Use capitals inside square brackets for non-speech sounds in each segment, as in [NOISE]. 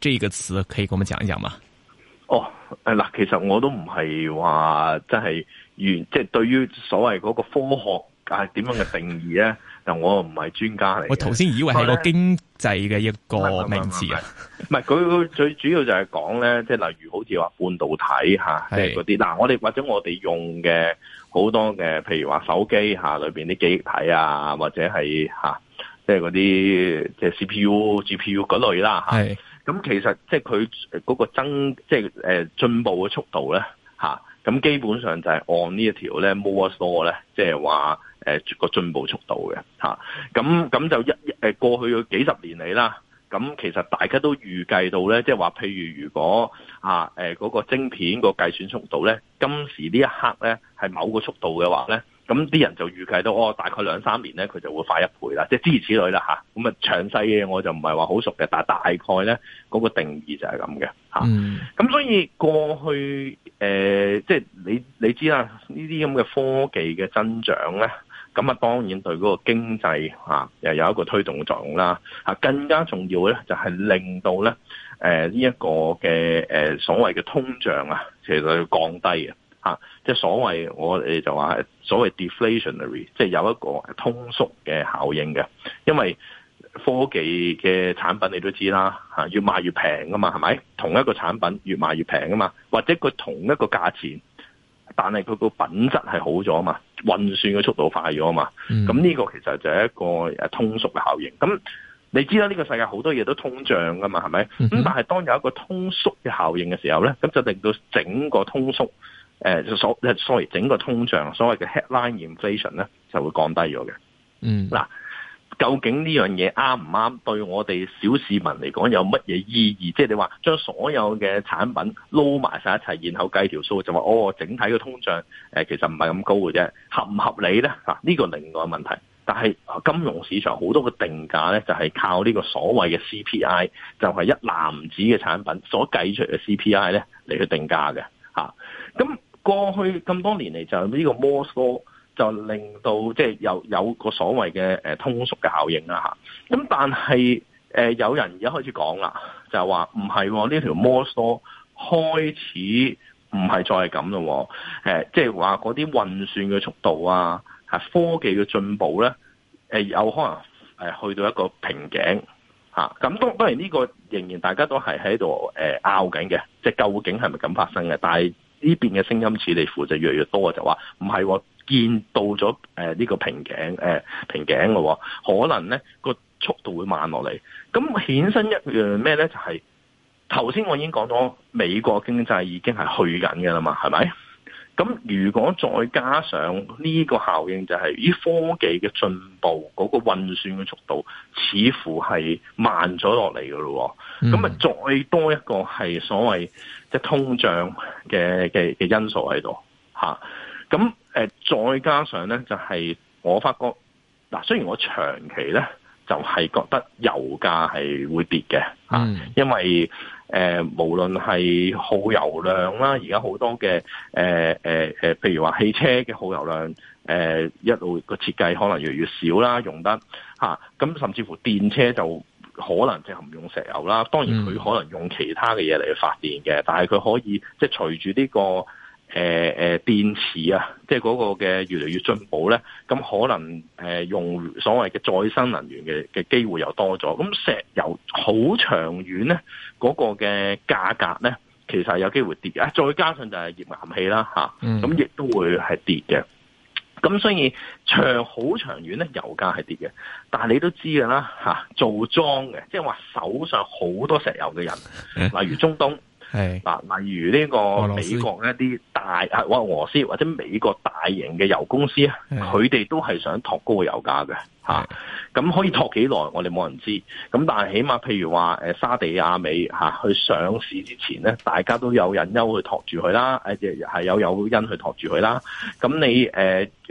這個詞可以跟我們講一講嗎？哦，誒嗱，其實我都唔係話真係原即係、就是、對於所謂嗰個科學係點樣嘅定義咧，嗱， [LAUGHS] 我唔係專家嚟。我頭先以為係個經濟嘅一個名詞啊，唔係佢最主要就係講咧，即、就、係、是、例如好似話半導體吓，即係嗰啲嗱，我哋或者我哋用嘅好多嘅，譬如話手機吓裏邊啲記憶體啊，或者係吓即、就、係、是、嗰啲即係、就是、C P U G P U 嗰類啦吓。 [LAUGHS] 咁其實即係佢嗰個增即係、就是、進步嘅速度咧，咁基本上就係按呢一條咧，Moore's Law 咧，即係話個進步速度嘅，咁咁就一過去幾十年嚟啦，咁其實大家都預計到咧，即係話譬如如果啊嗰、那個晶片個計算速度咧，今時呢一刻咧係某個速度嘅話咧。咁啲人就預計到，我、哦、大概兩三年咧，佢就會快一倍啦，即係諸如此類啦吓，咁啊，詳細嘅我就唔係話好熟嘅，但大概咧嗰、嗰個定義就係咁嘅嚇。咁、啊嗯、所以過去、呃、即係你你知啦，呢啲咁嘅科技嘅增長咧，咁啊當然對嗰個經濟、啊、又有一個推動作用啦、啊。更加重要咧就係令到咧呢一個嘅、呃、所謂嘅通脹啊，其實佢降低即係所謂我哋就話係所謂 deflationary，即係有一個通縮嘅效應嘅。因為科技嘅產品你都知啦，吓，越賣越平㗎嘛，係咪？同一個產品越賣越平啊嘛，或者佢同一個價錢，但係佢個品質係好咗啊嘛，運算嘅速度快咗啊嘛。咁、嗯、呢個其實就係一個通縮嘅效應。咁你知啦，呢個世界好多嘢都通脹噶嘛，係咪？咁、嗯、但係當有一個通縮嘅效應嘅時候咧，咁就令到整個通縮。誒，所 s o 整個通脹所謂嘅 headline inflation 咧，就會降低咗嘅。嗯，嗱，究竟呢樣嘢啱唔啱對我哋小市民嚟講有乜嘢意義？即係你話將所有嘅產品撈埋晒一齊，然後計條數就話哦，整體嘅通脹誒、呃，其實唔係咁高嘅啫，合唔合理咧？嗱，呢個另外個問題。但係金融市場好多嘅定價咧，就係靠呢個所謂嘅 CPI，就係一男子嘅產品所計出嘅 CPI 咧嚟去定價嘅。吓、嗯，咁、嗯。過去咁多年嚟就呢個摩斯哥就令到即係、就是、有有個所謂嘅通縮嘅效應啦。咁但係有人而家開始講啦，就話唔係呢條摩斯哥開始唔係再係咁咯，喎。即係話嗰啲運算嘅速度啊，科技嘅進步咧，誒有可能誒去到一個瓶頸，咁、啊、當然呢個仍然大家都係喺度誒拗緊嘅，即、就、係、是、究竟係咪咁發生嘅？但係呢邊嘅聲音似地乎就越嚟越多，就話唔係喎，見到咗誒呢個瓶頸誒、呃、瓶頸嘅、哦，可能咧個速度會慢落嚟。咁顯身一樣咩咧？就係頭先我已經講咗，美國經濟已經係去緊嘅啦嘛，係咪？咁如果再加上呢個效應，就係於科技嘅進步，嗰、那個運算嘅速度似乎係慢咗落嚟嘅咯。咁啊，再多一個係所謂即係通脹嘅嘅嘅因素喺度嚇。咁、啊呃、再加上咧，就係、是、我發覺嗱，雖然我長期咧就係、是、覺得油價係會跌嘅、啊、因為。誒、呃，無論係耗油量啦，而家好多嘅誒誒譬如話汽車嘅耗油量，誒、呃、一路個設計可能越嚟越少啦，用得吓咁、啊、甚至乎電車就可能即係唔用石油啦。當然佢可能用其他嘅嘢嚟去發電嘅，但係佢可以即係、就是、隨住呢、這個。誒、呃、誒、呃，電池啊，即係嗰個嘅越嚟越進步咧，咁可能誒、呃、用所謂嘅再生能源嘅嘅機會又多咗，咁石油好長遠咧，嗰、那個嘅價格咧，其實係有機會跌嘅，再加上就係頁岩氣啦吓，咁、嗯、亦、啊、都會係跌嘅。咁所以長好長遠咧，油價係跌嘅，但係你都知噶啦吓，做莊嘅，即係話手上好多石油嘅人、欸，例如中東。係嗱，例如呢個美國一啲大啊，或俄羅斯或者美國大型嘅油公司佢哋都係想托高個油價嘅吓，咁、啊、可以托幾耐，我哋冇人知。咁但係起碼，譬如話誒沙地阿美吓、啊，去上市之前咧，大家都有人憂去托住佢啦，誒、啊，係有有因去托住佢啦。咁、啊、你誒、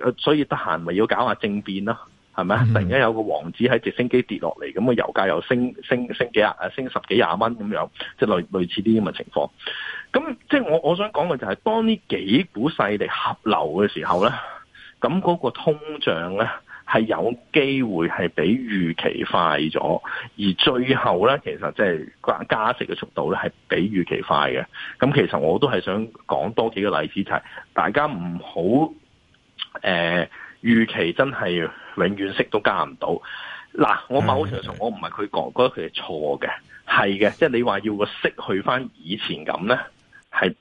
呃，所以得閒咪要搞下政變咯。係咪？突然間有個王子喺直升機跌落嚟，咁個油價又升升升幾啊，升十幾廿蚊咁樣，即係類類似啲咁嘅情況。咁即係我我想講嘅就係，當呢幾股勢力合流嘅時候咧，咁嗰個通脹咧係有機會係比預期快咗，而最後咧其實即係加加息嘅速度咧係比預期快嘅。咁其實我都係想講多幾個例子，齊、就係、大家唔好誒。呃預期真係永遠息都加唔到嗱，我某程度上我唔係佢講，覺得佢係錯嘅，係嘅，即係你話要個息去翻以前咁咧，係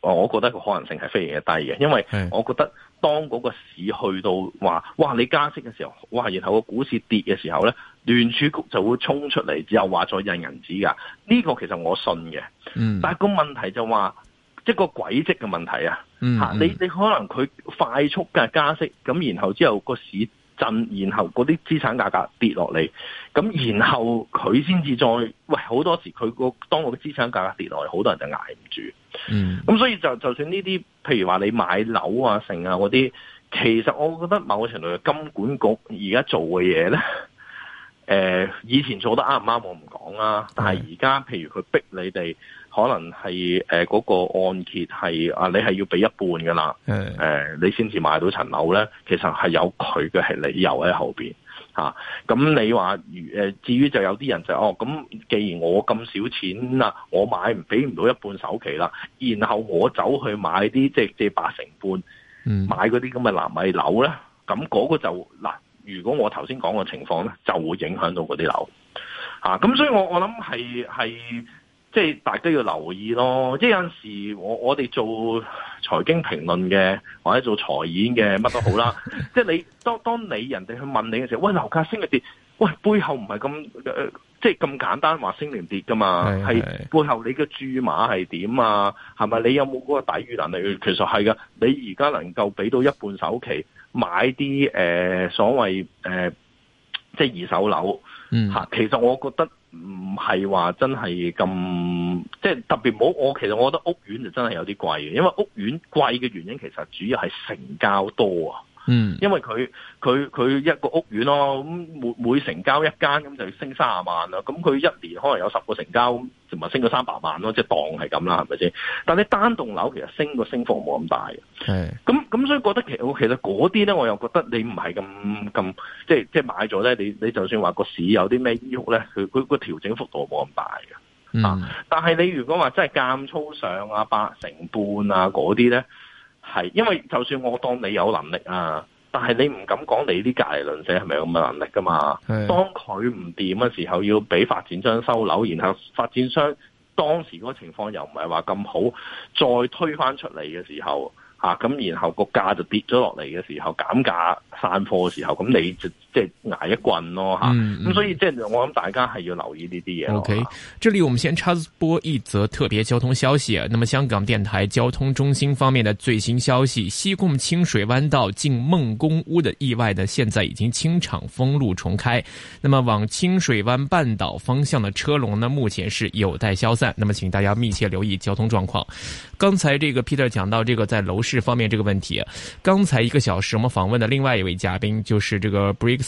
我覺得個可能性係非常之低嘅，因為我覺得當嗰個市去到話哇你加息嘅時候，哇然後個股市跌嘅時候咧，聯儲局就會衝出嚟之後話再印銀紙㗎，呢個其實我信嘅，但係個問題就話，即個軌跡嘅問題啊，吓、嗯嗯、你你可能佢快速嘅加息，咁然後之後個市震，然後嗰啲資產價格跌落嚟，咁然後佢先至再喂，好多時佢個當個資產價格跌落嚟，好多人就挨唔住，咁、嗯、所以就就算呢啲，譬如話你買樓啊、剩啊嗰啲，其實我覺得某程度嘅金管局而家做嘅嘢咧，誒、呃、以前做得啱唔啱我唔講啦，但係而家譬如佢逼你哋。可能係誒嗰個按揭係啊，你係要俾一半噶啦，誒、呃、你先至買到層樓咧。其實係有佢嘅係理由喺後邊吓。咁、啊、你話如誒，至於就有啲人就哦，咁既然我咁少錢啦，我買唔俾唔到一半首期啦，然後我走去買啲即係八成半，買嗰啲咁嘅納米樓咧，咁嗰個就嗱、啊，如果我頭先講嘅情況咧，就會影響到嗰啲樓吓。咁、啊、所以我我諗係係。是即係大家都要留意咯，即係有陣時我我哋做財經評論嘅，或者做財演嘅乜都好啦。 [LAUGHS] 即係你當，當你人哋去問你嘅時候，喂，樓價升嘅跌，喂背後唔係咁誒、即係咁簡單話升定跌噶嘛？係背後你嘅注碼係點啊？係咪你有冇嗰個抵禦能力？其實係㗎。你而家能夠俾到一半首期買啲誒、呃、所謂誒、呃、即係二手樓、嗯、其實我覺得。唔係話真係咁，即係特別冇。我其實我覺得屋苑就真係有啲貴嘅，因為屋苑貴嘅原因其實主要係成交多啊。嗯，因為佢佢佢一個屋苑咯，咁每每成交一間，咁就要升三十萬啦，咁佢一年可能有十個成交，就咪升咗三百萬咯，即係當係咁啦，係咪先？但係你單棟樓其實升個升幅冇咁大嘅，係咁咁所以覺得其實其實嗰啲咧，我又覺得你唔係咁咁，即係即係買咗咧，你你就算話個市有啲咩喐咧，佢佢個調整幅度冇咁大嘅，啊！嗯、但係你如果話真係監粗上啊，八成半啊嗰啲咧。係，因為就算我當你有能力啊，但係你唔敢講你啲隔籬鄰舍係咪有咁嘅能力噶嘛？當佢唔掂嘅時候，要俾發展商收樓，然後發展商當時嗰個情況又唔係話咁好，再推翻出嚟嘅時候，吓、啊、咁，然後個價就跌咗落嚟嘅時候，減價散貨嘅時候，咁你就。挨一棍咯吓，咁所以即係我諗大家係要留意呢啲嘢。OK，這裏我們先插播一則特別交通消息。那麼香港電台交通中心方面的最新消息，西貢清水灣道近孟公屋的意外呢，現在已經清場封路重開。那麼往清水灣半島方向的車龍呢，目前是有待消散。那麼請大家密切留意交通狀況。剛才這個 Peter 講到這個在樓市方面這個問題。剛才一個小時我們訪問的另外一位嘉賓就是這個 Briggs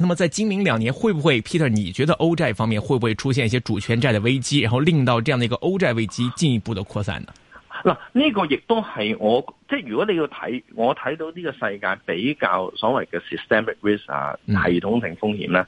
那麼在今明兩年會不會，Peter？你覺得歐債方面會不會出現一些主權債的危機，然後令到這樣的一個歐債危機進一步的擴散呢？嗱、這個，呢個亦都係我即係如果你要睇，我睇到呢個世界比較所謂嘅 systemic risk 啊，系統性風險啦，誒、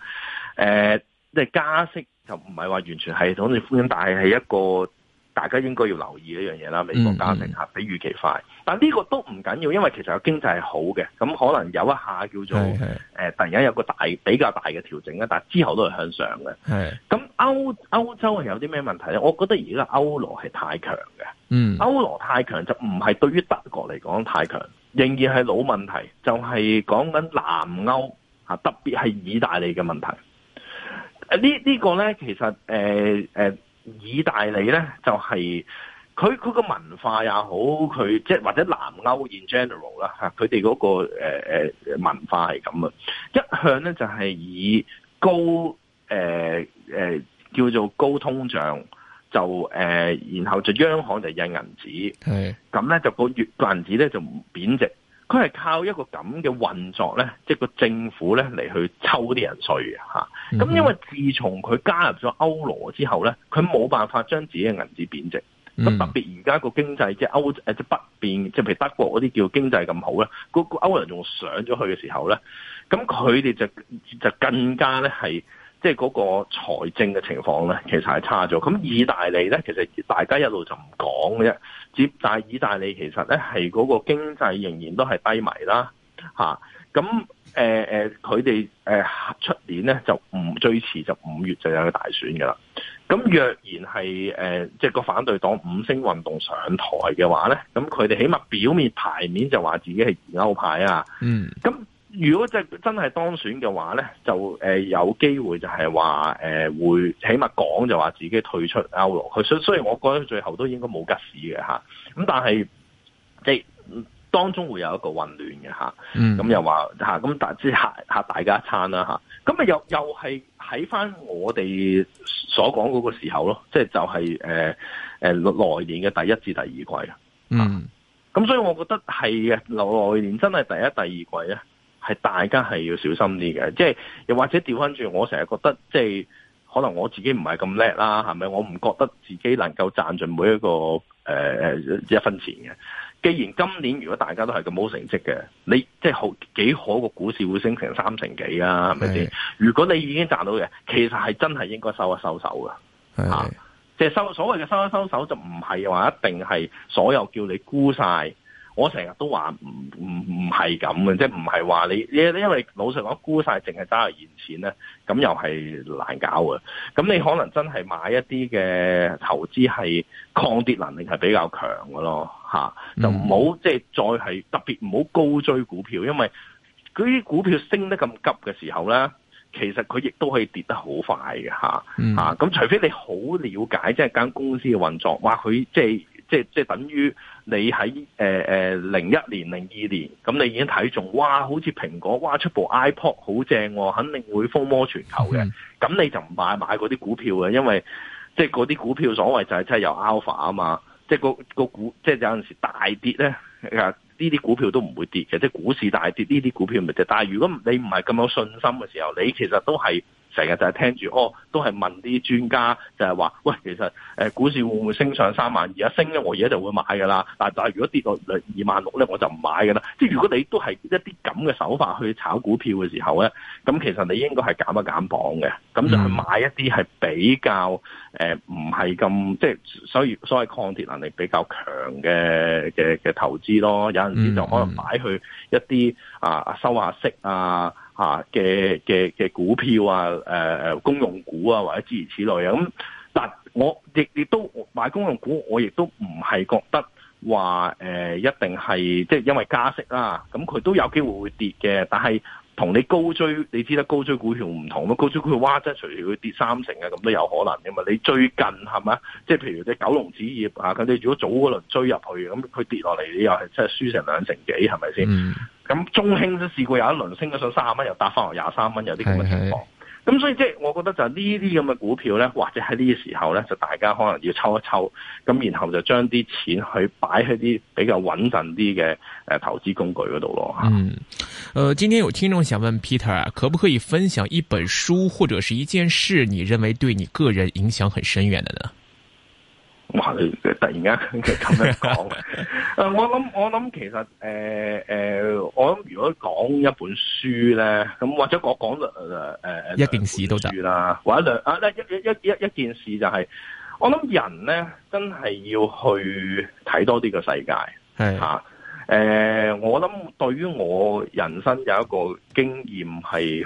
嗯，即、呃、係加息就唔係話完全系統性風險，但係係一個。大家應該要留意一樣嘢啦，美國加息嚇比預期快，嗯嗯、但呢個都唔緊要，因為其實個經濟係好嘅，咁可能有一下叫做誒、呃、突然間有一個大比較大嘅調整啦，但之後都係向上嘅。係咁歐歐洲係有啲咩問題咧？我覺得而家歐羅係太強嘅，嗯，歐羅太強就唔係對於德國嚟講太強，仍然係老問題，就係講緊南歐嚇，特別係意大利嘅問題。呃這這個、呢呢個咧其實誒誒。呃呃意大利咧就係佢佢個文化也好，佢即係或者南歐 in general 啦吓，佢哋嗰個、呃、文化係咁啊，一向咧就係以高、呃呃、叫做高通脹，就、呃、然後就央行就印銀紙，係咁咧就個月銀紙咧就貶值，佢係靠一個咁嘅運作咧，即係個政府咧嚟去抽啲人稅嘅吓。咁因為自從佢加入咗歐羅之後咧，佢冇辦法將自己嘅銀紙貶值。咁特別而家個經濟即係歐誒即係北邊，即係譬如德國嗰啲叫經濟咁好咧，嗰個歐人仲上咗去嘅時候咧，咁佢哋就就更加咧係即係嗰個財政嘅情況咧，其實係差咗。咁意大利咧，其實大家一路就唔講嘅啫。但係意大利其實咧係嗰個經濟仍然都係低迷啦，吓、啊。咁誒誒，佢哋誒出年咧就唔最遲就五月就有個大選㗎啦。咁若然係誒，即、呃、係、就是、個反對黨五星運動上台嘅話咧，咁佢哋起碼表面牌面就話自己係歐派啊。嗯。咁如果即真係當選嘅話咧，就、呃、有機會就係話誒會起碼講就話自己退出歐羅去。所所以，所以我覺得最後都應該冇吉士嘅吓。咁但係即係，當中會有一個混亂嘅嚇，咁又話嚇，咁大即嚇嚇大家一餐啦嚇，咁咪又又係喺翻我哋所講嗰個時候咯，即係就係誒誒來年嘅第一至第二季、啊、嗯，咁、啊、所以我覺得係嘅，來年真係第一第二季咧，係大家係要小心啲嘅，即、就、係、是、又或者調翻轉，我成日覺得即係、就是、可能我自己唔係咁叻啦，係咪？我唔覺得自己能夠賺盡每一個誒、呃、一分錢嘅。既然今年如果大家都係咁冇成績嘅，你即係好幾好個股市會升成三成幾啊，係咪先？如果你已經賺到嘅，其實係真係應該收一收手嘅。嚇、啊。即係收所謂嘅收一收手，就唔係話一定係所有叫你沽晒，我成日都話唔唔唔係咁嘅，即係唔係話你，因為老實講沽晒淨係揸嚟現錢咧，咁又係難搞嘅。咁你可能真係買一啲嘅投資係抗跌能力係比較強嘅咯。吓，就唔好即係再係特別唔好高追股票，因為嗰啲股票升得咁急嘅時候咧，其實佢亦都可以跌得好快嘅吓。吓、嗯，咁、啊、除非你好了解即係間公司嘅運作，哇，佢即係即係即係等於你喺誒誒零一年、零二年，咁你已經睇中，哇，好似蘋果，哇，出部 iPod 好正，肯定會風魔全球嘅。咁、嗯、你就唔買買嗰啲股票嘅，因為即係嗰啲股票所謂就係真係有 alpha 啊嘛。即係個個股，即係有陣時大跌咧，啊呢啲股票都唔會跌嘅，即係股市大跌呢啲股票咪就，但係如果你唔係咁有信心嘅時候，你其實都係。成日就係聽住，哦，都係問啲專家，就係、是、話，喂，其實誒股市會唔會升上三萬二？一升咧，我而家就會買噶啦。但但係如果跌到二萬六咧，我就唔買噶啦。即、嗯、係如果你都係一啲咁嘅手法去炒股票嘅時候咧，咁其實你應該係減一減磅嘅，咁就去買一啲係比較誒唔係咁即係所以所謂抗跌能力比較強嘅嘅嘅投資咯。有陣時就可能買去一啲啊收下息啊。嚇嘅嘅嘅股票啊，誒、呃、誒公用股啊，或者諸如此類啊，咁但，我亦亦都買公用股，我亦都唔係覺得話誒、呃、一定係即係因為加息啦、啊，咁、嗯、佢都有機會會跌嘅。但係同你高追，你知得高追股票唔同咯，高追股票哇即係隨時會跌三成嘅，咁都有可能嘅嘛。你最近係咪？即係譬如你玖龍紙業啊，咁你如果早嗰輪追入去，咁佢跌落嚟你又係即係輸成兩成幾，係咪先？嗯咁中興都試過有一輪升咗上三十蚊，又搭翻落廿三蚊，有啲咁嘅情況。咁所以即係我覺得就呢啲咁嘅股票咧，或者喺呢啲時候咧，就大家可能要抽一抽，咁然後就將啲錢去擺喺啲比較穩陣啲嘅誒投資工具嗰度咯。嗯，誒、呃，今天有聽眾想問 Peter，可不可以分享一本書或者是一件事，你認為對你個人影響很深遠的呢？哇哋。你突然間佢咁樣講 [LAUGHS] 我諗我諗其實，誒、呃、誒、呃，我諗如果講一本書咧，咁或者我講誒、呃呃、一件事都得啦，或者兩啊，一一一一一件事就係、是，我諗人咧真係要去睇多啲個世界，係嚇，啊呃、我諗對於我人生有一個經驗係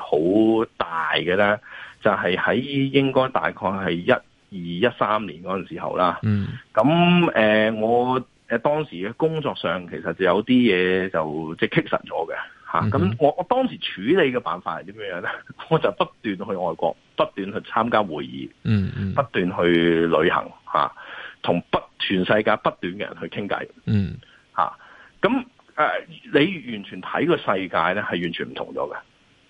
好大嘅咧，就係、是、喺應該大概係一。二一三年嗰陣時候啦，咁、嗯、誒、呃、我誒當時嘅工作上其實就有啲嘢就即係卡實咗嘅嚇。咁、啊、我我當時處理嘅辦法係點樣樣咧？我就不斷去外國，不斷去參加會議，嗯嗯、不斷去旅行嚇，同、啊、不全世界不斷嘅人去傾偈。嚇咁誒，你完全睇個世界咧係完全唔同咗嘅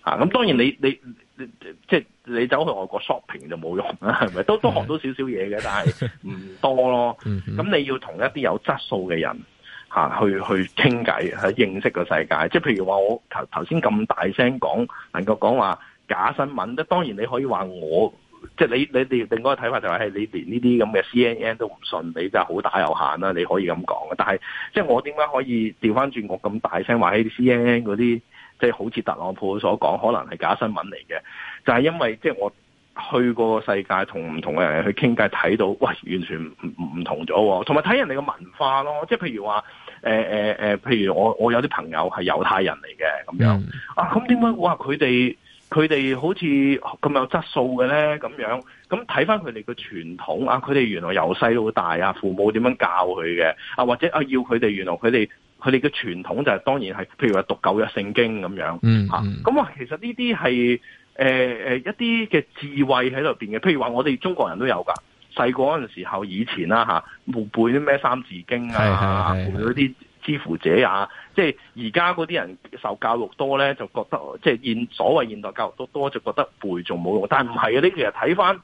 嚇。咁、啊、當然你你。即係你走去外國 shopping 就冇用啦，係咪？都都學到少少嘢嘅，但係唔多咯。咁 [LAUGHS] 你要同一啲有質素嘅人、啊、去去傾偈，去認識個世界。即係譬如話，我頭頭先咁大聲講，能夠講話假新聞。當然你可以話我，即係你你你另外個睇法就係你連呢啲咁嘅 C N N 都唔信，你就好打有限啦。你可以咁講嘅，但係即係我點解可以調翻轉我咁大聲話喺 C N N 嗰啲？即係好似特朗普所講，可能係假新聞嚟嘅。就係因為即係我去過世界，同唔同嘅人去傾偈，睇到喂，完全唔唔同咗。同埋睇人哋嘅文化咯。即係譬如話，欸欸欸，譬如我我有啲朋友係猶太人嚟嘅咁樣啊。咁點解哇？佢哋佢哋好似咁有質素嘅咧？咁樣咁睇翻佢哋嘅傳統啊！佢哋原來由細到大啊，父母點樣教佢嘅啊？或者啊，要佢哋原來佢哋。佢哋嘅傳統就係當然係，譬如話讀舊約聖經咁樣，嚇、嗯、咁、嗯、啊。其實呢啲係誒誒一啲嘅智慧喺度邊嘅，譬如話我哋中國人都有㗎，細個嗰陣時候以前啦、啊、吓，冇背啲咩三字經啊，背咗啲之乎者啊。即係而家嗰啲人受教育多咧，就覺得即係現所謂現代教育都多，就覺得背仲冇用。但係唔係嘅，你其實睇返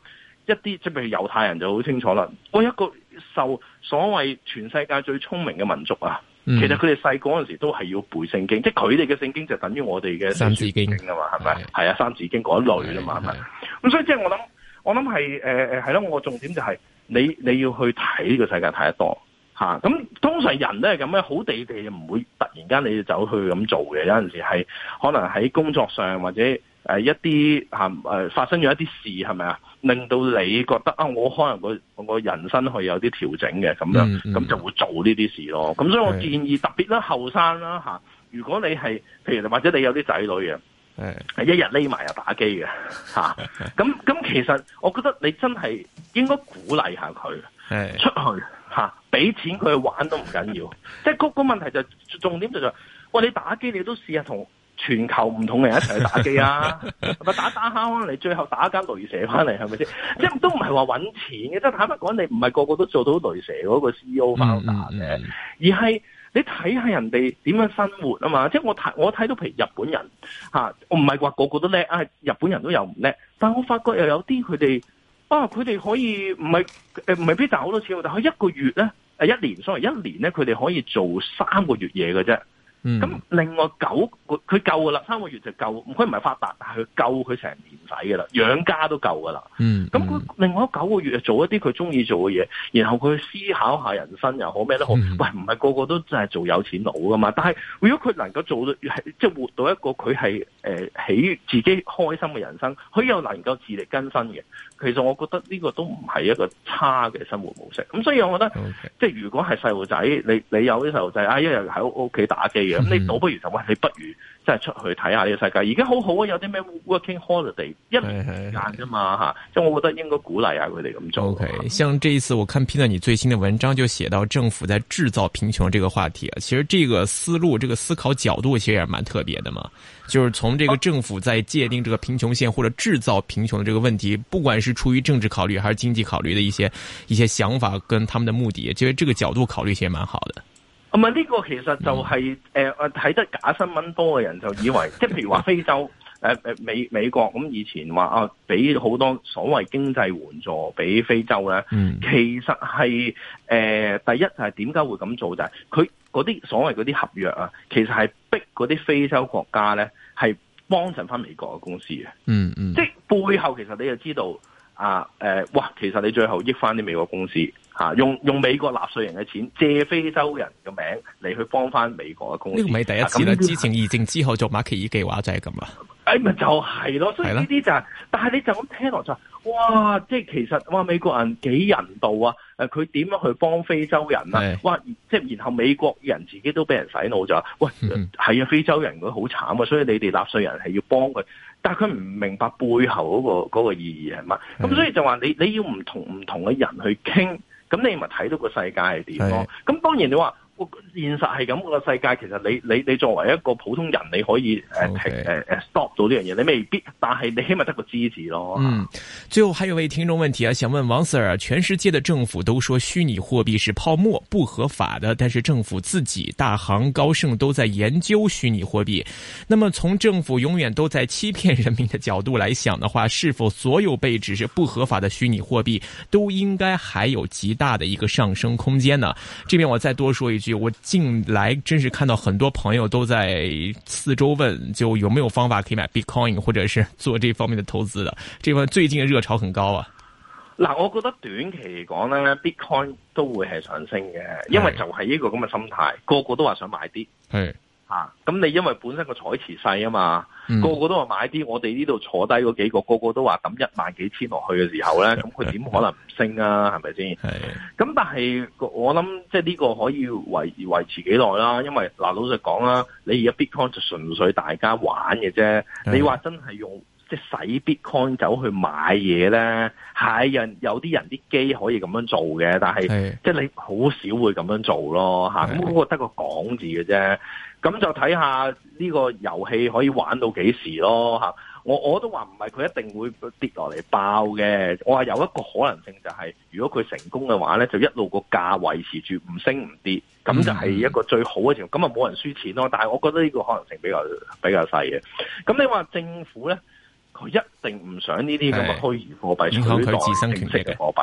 一啲，即係譬如猶太人就好清楚啦。我一個受所謂全世界最聰明嘅民族啊！其實佢哋細個嗰陣時都係要背聖經，嗯、即係佢哋嘅聖經就等於我哋嘅三字經啊嘛，係咪？係啊，三字經嗰一類啦嘛，係咪？咁所以即係我諗，我諗係誒誒係咯，我重點就係、是、你你要去睇呢個世界睇得多吓。咁、啊、通常人咧咁樣好地地就唔會突然間你要走去咁做嘅，有陣時係可能喺工作上或者。呃、一啲嚇、啊呃、發生咗一啲事係咪啊？令到你覺得啊，我可能個人生去有啲調整嘅咁樣，咁就會做呢啲事咯。咁所以我建議特別啦，後生啦嚇，如果你係譬如或者你有啲仔女嘅，一日匿埋又打機嘅嚇，咁、啊、咁 [LAUGHS] 其實我覺得你真係應該鼓勵下佢，出去吓俾、啊、錢佢玩都唔緊要。即 [LAUGHS] 係個問問題就是、重點就在、是，喂你打機你都試下同，全球唔同嘅人一齊去打機啊，係咪 [LAUGHS] 打打敲啊！你最後打一間雷蛇翻嚟係咪先？即係都唔係話揾錢嘅，即係坦白講，你唔係個個都做到雷蛇嗰個 CEO 包攬嘅，而係你睇下人哋點樣生活啊嘛！即係我睇我睇到譬如日本人、啊、我唔係話個個都叻啊，日本人都有唔叻，但我發覺又有啲佢哋啊，佢哋可以唔係誒唔係未必賺好多錢，但係佢一個月咧誒一年所謂一年咧，佢哋可以做三個月嘢嘅啫。咁、嗯、另外九佢佢夠噶啦，三個月就夠。佢唔係發達，但係佢夠佢成年使噶啦，養家都夠噶啦。咁、嗯、佢另外九個月就做一啲佢中意做嘅嘢，然後佢思考下人生又好咩都好。喂，唔係個個都真係做有錢佬噶嘛？但係如果佢能夠做到即係、就是、活到一個佢係誒自己開心嘅人生，佢又能夠自力更生嘅，其實我覺得呢個都唔係一個差嘅生活模式。咁所以我覺得、Okay。即係如果係細路仔，你你有啲細路仔啊，一日喺屋屋企打機。咁、嗯、你倒不如就話你不如即係出去睇下呢個世界，而家好好啊，有啲咩 working holiday，一年時間啫嘛吓，即係我覺得應該鼓勵下佢哋咁做。OK，像這一次我看 Peter 你最新的文章就寫到政府在製造貧窮這個話題，其實這個思路、這個思考角度其實也蠻特別的嘛，就是從這個政府在界定這個貧窮線或者製造貧窮的這個問題，不管是出於政治考慮還是經濟考慮的一些一些想法跟他們的目的，其實這個角度考慮其實蠻好的。咁啊！呢個其實就係誒睇得假新聞多嘅人就以為，即係譬如話非洲、呃、美美國咁以前話啊俾好多所謂經濟援助俾非洲咧、嗯，其實係誒、呃、第一係點解會咁做就係佢嗰啲所謂嗰啲合約啊，其實係逼嗰啲非洲國家咧係幫襯翻美國嘅公司嘅。嗯嗯，即係背後其實你就知道啊誒、呃呃、哇，其實你最後益翻啲美國公司。啊！用用美國納稅人嘅錢借非洲人嘅名嚟去幫翻美國嘅公司，呢個唔係第一次啦、啊。之前二戰之後做馬歇爾計劃就係咁啦。誒、哎，咪就係、是、咯，所以呢啲就係、是，但係你就咁聽落就係，哇！即係其實哇，美國人幾人道啊？誒，佢點樣去幫非洲人啊？是哇！即係然後美國人自己都俾人洗腦咗。喂，係啊、嗯，非洲人佢好慘啊，所以你哋納稅人係要幫佢，但係佢唔明白背後嗰、那個那個意義係乜。咁所以就話你你要唔同唔同嘅人去傾。咁你咪睇到個世界係點咯？咁當然你話。現實係咁個世界，其實你你你作為一個普通人，你可以誒停誒誒 stop 到呢樣嘢，你未必，但係你起碼得個支持咯。嗯，最後還有位聽眾問題啊，想問王 Sir，全世界的政府都說虛擬貨幣是泡沫、不合法的，但是政府自己、大行、高盛都在研究虛擬貨幣。那麼從政府永遠都在欺騙人民的角度來想的話，是否所有被指是不合法的虛擬貨幣都應該還有極大的一個上升空間呢？這邊我再多說一句。我近來真是看到很多朋友都在四周問，就有沒有方法可以買 Bitcoin 或者是做這方面的投資的，這方最近熱潮很高啊。嗱，我覺得短期嚟講呢 Bitcoin 都會係上升嘅，因為就係依個咁嘅心態，個個都話想買啲。啊！咁你因為本身個彩池細啊嘛、嗯，個個都話買啲，我哋呢度坐低嗰幾個，個個都話抌一萬幾千落去嘅時候咧，咁佢點可能唔升啊？係咪先？係。咁但係我諗即係呢個可以維維持幾耐啦，因為嗱、啊、老實講啦，你而家 Bitcoin 就純粹大家玩嘅啫，你話真係用。即係使 Bitcoin 走去買嘢咧，係人有啲人啲機可以咁樣做嘅，但係即係你好少會咁樣做咯嚇。咁、啊、我得個講字嘅啫，咁就睇下呢個遊戲可以玩到幾時咯嚇。我我都話唔係佢一定會跌落嚟爆嘅，我話有一個可能性就係、是，如果佢成功嘅話咧，就一路個價維持住唔升唔跌，咁就係一個最好嘅情況，咁啊冇人輸錢咯。但係我覺得呢個可能性比較比較細嘅。咁你話政府咧？我一定唔想呢啲咁嘅虛擬貨幣取代正式嘅貨幣。